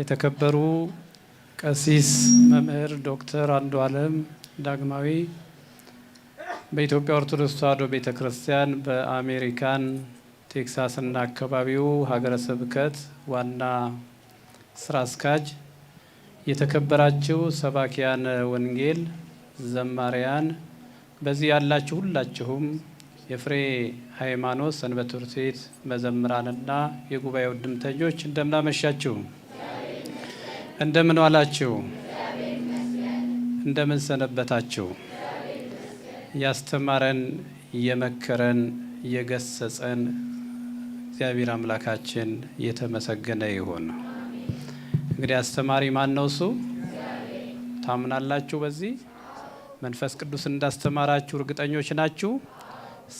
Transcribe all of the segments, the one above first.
የተከበሩ ቀሲስ መምህር ዶክተር አንዱ አለም ዳግማዊ በኢትዮጵያ ኦርቶዶክስ ተዋሕዶ ቤተ ክርስቲያን በአሜሪካን ቴክሳስና አካባቢው ሀገረ ስብከት ዋና ስራ አስኪያጅ፣ የተከበራችሁ ሰባኪያን ወንጌል፣ ዘማሪያን፣ በዚህ ያላችሁ ሁላችሁም የፍሬ ሃይማኖት ሰንበት ትምህርት ቤት መዘምራንና የጉባኤ ውድምተኞች እንደምናመሻችሁ እንደምን ዋላችሁ? እንደምን ሰነበታችሁ? ያስተማረን የመከረን የገሰጸን እግዚአብሔር አምላካችን የተመሰገነ ይሁን። እንግዲህ አስተማሪ ማን ነው? እሱ ታምናላችሁ? በዚህ መንፈስ ቅዱስ እንዳስተማራችሁ እርግጠኞች ናችሁ?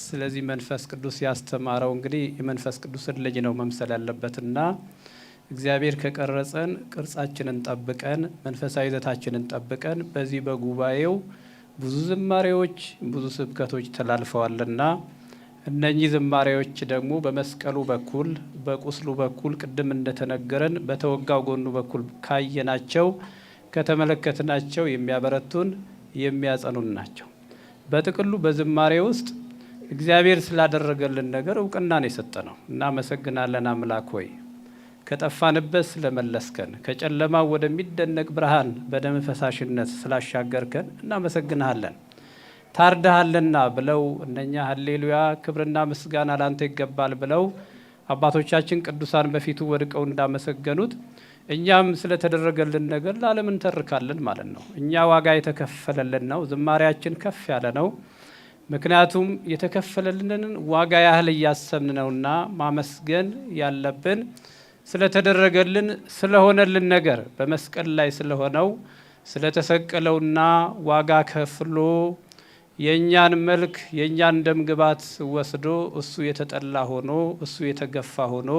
ስለዚህ መንፈስ ቅዱስ ያስተማረው እንግዲህ የመንፈስ ቅዱስን ልጅ ነው መምሰል ያለበትና እግዚአብሔር ከቀረጸን ቅርጻችንን ጠብቀን መንፈሳዊ ይዘታችንን ጠብቀን በዚህ በጉባኤው ብዙ ዝማሬዎች፣ ብዙ ስብከቶች ተላልፈዋልና እነኚህ ዝማሬዎች ደግሞ በመስቀሉ በኩል በቁስሉ በኩል ቅድም እንደተነገረን በተወጋው ጎኑ በኩል ካየናቸው ከተመለከትናቸው የሚያበረቱን የሚያጸኑን ናቸው። በጥቅሉ በዝማሬ ውስጥ እግዚአብሔር ስላደረገልን ነገር እውቅናን የሰጠ ነው። እናመሰግናለን አምላክ ሆይ ከጠፋንበት ስለመለስከን ከጨለማ ወደሚደነቅ ብርሃን በደም ፈሳሽነት ስላሻገርከን እናመሰግንሃለን። ታርደሃልና ብለው እነኛ ሀሌሉያ ክብርና ምስጋና ላንተ ይገባል ብለው አባቶቻችን ቅዱሳን በፊቱ ወድቀው እንዳመሰገኑት እኛም ስለተደረገልን ነገር ለዓለም እንተርካለን ማለት ነው። እኛ ዋጋ የተከፈለልን ነው። ዝማሬያችን ከፍ ያለ ነው። ምክንያቱም የተከፈለልንን ዋጋ ያህል እያሰብን ነውና ማመስገን ያለብን ስለተደረገልን ስለሆነልን ነገር በመስቀል ላይ ስለሆነው ስለተሰቀለውና ዋጋ ከፍሎ የእኛን መልክ የእኛን ደም ግባት ወስዶ እሱ የተጠላ ሆኖ እሱ የተገፋ ሆኖ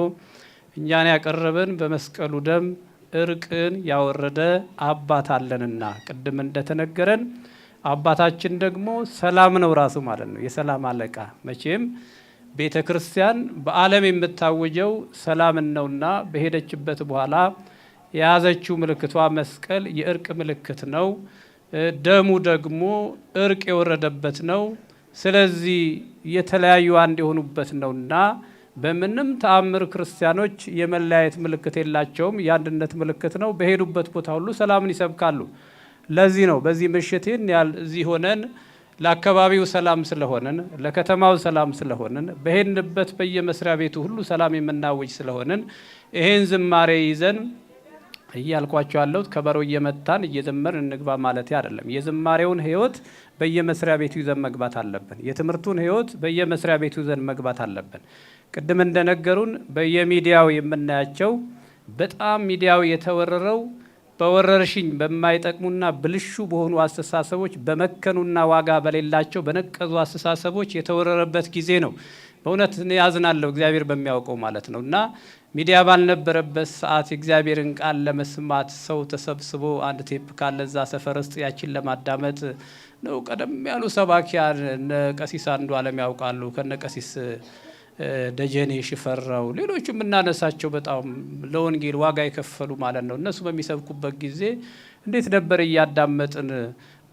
እኛን ያቀረበን በመስቀሉ ደም እርቅን ያወረደ አባት አለንና ቅድም እንደተነገረን አባታችን ደግሞ ሰላም ነው ራሱ ማለት ነው። የሰላም አለቃ መቼም ቤተ ክርስቲያን በዓለም የምታወጀው ሰላምን ነውና በሄደችበት በኋላ የያዘችው ምልክቷ መስቀል የእርቅ ምልክት ነው። ደሙ ደግሞ እርቅ የወረደበት ነው። ስለዚህ የተለያዩ አንድ የሆኑበት ነውና በምንም ተአምር ክርስቲያኖች የመለያየት ምልክት የላቸውም። የአንድነት ምልክት ነው። በሄዱበት ቦታ ሁሉ ሰላምን ይሰብካሉ። ለዚህ ነው በዚህ ምሽት ይህን ያህል እዚህ ሆነን ለአካባቢው ሰላም ስለሆንን ለከተማው ሰላም ስለሆንን በሄንበት በየመስሪያ ቤቱ ሁሉ ሰላም የምናውጅ ስለሆንን ይሄን ዝማሬ ይዘን እያልኳቸው ያለሁት ከበሮ እየመታን እየዘመር እንግባ ማለት አይደለም። የዝማሬውን ህይወት በየመስሪያ ቤቱ ይዘን መግባት አለብን። የትምህርቱን ህይወት በየመስሪያ ቤቱ ይዘን መግባት አለብን። ቅድም እንደነገሩን በየሚዲያው የምናያቸው በጣም ሚዲያው የተወረረው በወረርሽኝ በማይጠቅሙና ብልሹ በሆኑ አስተሳሰቦች በመከኑና ዋጋ በሌላቸው በነቀዙ አስተሳሰቦች የተወረረበት ጊዜ ነው። በእውነት ያዝናለሁ፣ እግዚአብሔር በሚያውቀው ማለት ነው። እና ሚዲያ ባልነበረበት ሰዓት የእግዚአብሔርን ቃል ለመስማት ሰው ተሰብስቦ አንድ ቴፕ ካለ እዛ ሰፈር ውስጥ ያችን ለማዳመጥ ነው። ቀደም ያሉ ሰባኪያን እነ ቀሲስ አንዱ አለም ያውቃሉ ከነ ቀሲስ ደጀኔ ሽፈራው፣ ሌሎቹም የምናነሳቸው በጣም ለወንጌል ዋጋ የከፈሉ ማለት ነው። እነሱ በሚሰብኩበት ጊዜ እንዴት ነበር እያዳመጥን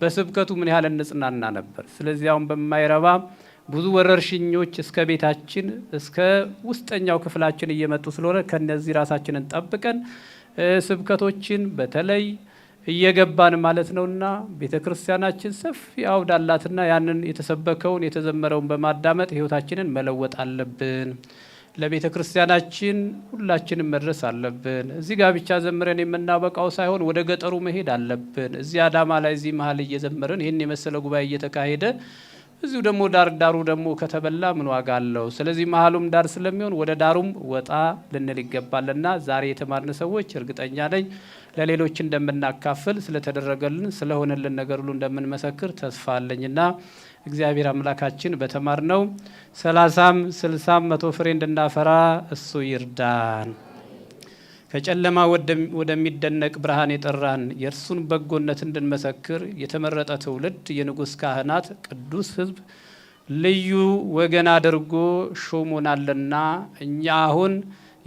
በስብከቱ ምን ያህል እንጽናና ነበር። ስለዚህ አሁን በማይረባ ብዙ ወረርሽኞች እስከ ቤታችን እስከ ውስጠኛው ክፍላችን እየመጡ ስለሆነ ከነዚህ ራሳችንን ጠብቀን ስብከቶችን በተለይ እየገባን ማለት ነውና ቤተ ክርስቲያናችን ሰፊ አውድ አላትና ያንን የተሰበከውን የተዘመረውን በማዳመጥ ህይወታችንን መለወጥ አለብን። ለቤተ ክርስቲያናችን ሁላችንም መድረስ አለብን። እዚህ ጋር ብቻ ዘምረን የምናበቃው ሳይሆን ወደ ገጠሩ መሄድ አለብን። እዚህ አዳማ ላይ እዚህ መሀል እየዘመርን ይህን የመሰለ ጉባኤ እየተካሄደ እዚሁ ደግሞ ዳር ዳሩ ደግሞ ከተበላ ምን ዋጋ አለው? ስለዚህ መሀሉም ዳር ስለሚሆን ወደ ዳሩም ወጣ ልንል ይገባልና ዛሬ የተማርን ሰዎች እርግጠኛ ነኝ ለሌሎች እንደምናካፍል ስለተደረገልን ስለሆነልን ነገር ሁሉ እንደምንመሰክር ተስፋ አለኝና እግዚአብሔር አምላካችን በተማር ነው ሰላሳም ስልሳም መቶ ፍሬ እንድናፈራ እሱ ይርዳን። ከጨለማ ወደሚደነቅ ብርሃን የጠራን የእርሱን በጎነት እንድንመሰክር የተመረጠ ትውልድ፣ የንጉሥ ካህናት፣ ቅዱስ ሕዝብ ልዩ ወገን አድርጎ ሾሞናልና እኛ አሁን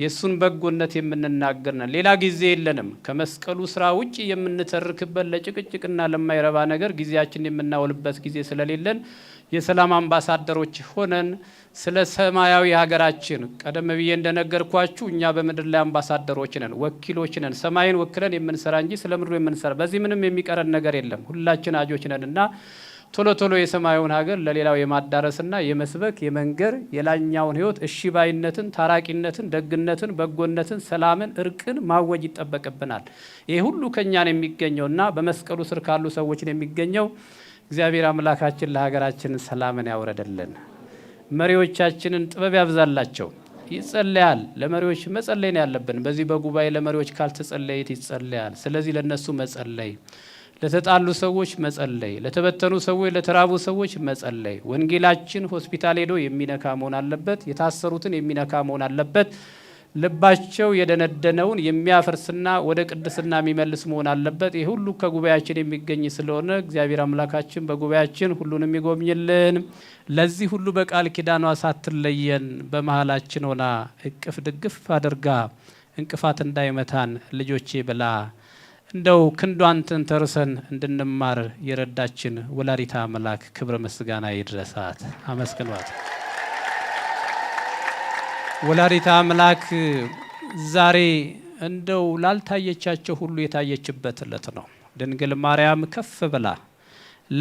የእሱን በጎነት የምንናገር ነን። ሌላ ጊዜ የለንም። ከመስቀሉ ስራ ውጭ የምንተርክበት ለጭቅጭቅና ለማይረባ ነገር ጊዜያችን የምናውልበት ጊዜ ስለሌለን የሰላም አምባሳደሮች ሆነን ስለ ሰማያዊ ሀገራችን ቀደም ብዬ እንደነገርኳችሁ እኛ በምድር ላይ አምባሳደሮች ነን፣ ወኪሎች ነን። ሰማይን ወክለን የምንሰራ እንጂ ስለ ምድሩ የምንሰራ በዚህ ምንም የሚቀረን ነገር የለም። ሁላችን አጆች ነን እና ቶሎ ቶሎ የሰማዩን ሀገር ለሌላው የማዳረስና የመስበክ የመንገር የላኛውን ህይወት እሺ ባይነትን፣ ታራቂነትን፣ ደግነትን፣ በጎነትን፣ ሰላምን፣ እርቅን ማወጅ ይጠበቅብናል። ይህ ሁሉ ከኛን የሚገኘው እና በመስቀሉ ስር ካሉ ሰዎችን የሚገኘው እግዚአብሔር አምላካችን ለሀገራችን ሰላምን ያውረደልን፣ መሪዎቻችንን ጥበብ ያብዛላቸው። ይጸለያል። ለመሪዎች መጸለይ ነው ያለብን። በዚህ በጉባኤ ለመሪዎች ካልተጸለይት ይጸለያል። ስለዚህ ለነሱ መጸለይ ለተጣሉ ሰዎች መጸለይ፣ ለተበተኑ ሰዎች፣ ለተራቡ ሰዎች መጸለይ። ወንጌላችን ሆስፒታል ሄዶ የሚነካ መሆን አለበት። የታሰሩትን የሚነካ መሆን አለበት። ልባቸው የደነደነውን የሚያፈርስና ወደ ቅድስና የሚመልስ መሆን አለበት። ይህ ሁሉ ከጉባኤያችን የሚገኝ ስለሆነ እግዚአብሔር አምላካችን በጉባኤያችን ሁሉን የሚጎብኝልን፣ ለዚህ ሁሉ በቃል ኪዳኗ ሳትለየን በመሃላችን ሆና እቅፍ ድግፍ አድርጋ እንቅፋት እንዳይመታን ልጆቼ ብላ እንደው ክንዷን ተንተርሰን እንድንማር የረዳችን ወላዲተ አምላክ ክብረ ምስጋና ይድረሳት። አመስግኗት። ወላዲተ አምላክ ዛሬ እንደው ላልታየቻቸው ሁሉ የታየችበት ዕለት ነው። ድንግል ማርያም ከፍ ብላ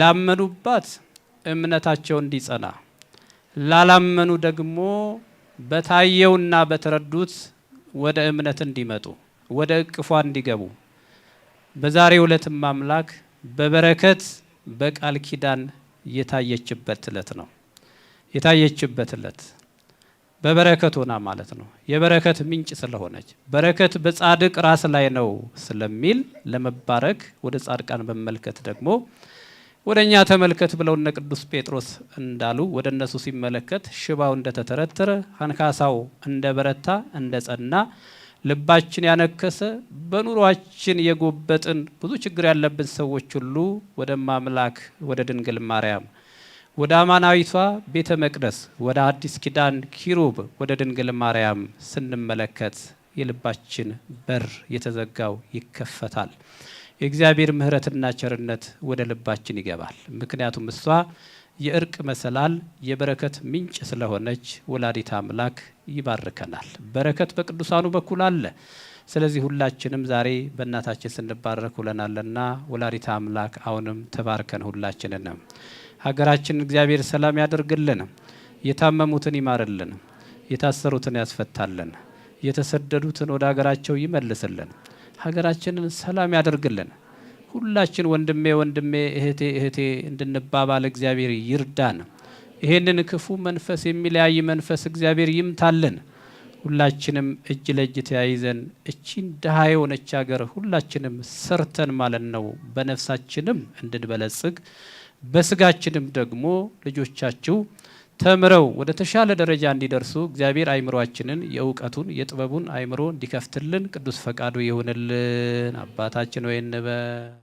ላመኑባት እምነታቸው እንዲጸና፣ ላላመኑ ደግሞ በታየውና በተረዱት ወደ እምነት እንዲመጡ፣ ወደ እቅፏ እንዲገቡ በዛሬው ዕለትም አምላክ በበረከት በቃል ኪዳን የታየችበት ዕለት ነው። የታየችበት ዕለት በበረከት ሆና ማለት ነው። የበረከት ምንጭ ስለሆነች በረከት በጻድቅ ራስ ላይ ነው ስለሚል ለመባረክ ወደ ጻድቃን በመመልከት ደግሞ ወደ እኛ ተመልከት ብለው እነ ቅዱስ ጴጥሮስ እንዳሉ ወደ እነሱ ሲመለከት ሽባው እንደተተረተረ፣ አንካሳው እንደበረታ እንደጸና ልባችን ያነከሰ በኑሯችን የጎበጥን ብዙ ችግር ያለብን ሰዎች ሁሉ ወደ ማምላክ ወደ ድንግል ማርያም ወደ አማናዊቷ ቤተ መቅደስ ወደ አዲስ ኪዳን ኪሩብ ወደ ድንግል ማርያም ስንመለከት የልባችን በር የተዘጋው ይከፈታል። የእግዚአብሔር ምሕረትና ቸርነት ወደ ልባችን ይገባል። ምክንያቱም እሷ የእርቅ መሰላል የበረከት ምንጭ ስለሆነች ወላዲተ አምላክ ይባርከናል። በረከት በቅዱሳኑ በኩል አለ። ስለዚህ ሁላችንም ዛሬ በእናታችን ስንባረክ ውለናልና ወላዲተ አምላክ አሁንም ተባርከን ሁላችንንም ሀገራችንን እግዚአብሔር ሰላም ያደርግልን፣ የታመሙትን ይማርልን፣ የታሰሩትን ያስፈታልን፣ የተሰደዱትን ወደ ሀገራቸው ይመልስልን፣ ሀገራችንን ሰላም ያደርግልን። ሁላችን ወንድሜ ወንድሜ እህቴ እህቴ እንድንባባል እግዚአብሔር ይርዳን። ይሄንን ክፉ መንፈስ የሚለያይ መንፈስ እግዚአብሔር ይምታልን። ሁላችንም እጅ ለእጅ ተያይዘን እቺን ድሃ የሆነች ሀገር ሁላችንም ሰርተን ማለት ነው በነፍሳችንም እንድንበለጽግ በስጋችንም ደግሞ ልጆቻችሁ ተምረው ወደ ተሻለ ደረጃ እንዲደርሱ እግዚአብሔር አይምሯችንን የእውቀቱን የጥበቡን አይምሮ እንዲከፍትልን ቅዱስ ፈቃዱ ይሆንልን። አባታችን ወይ እንበ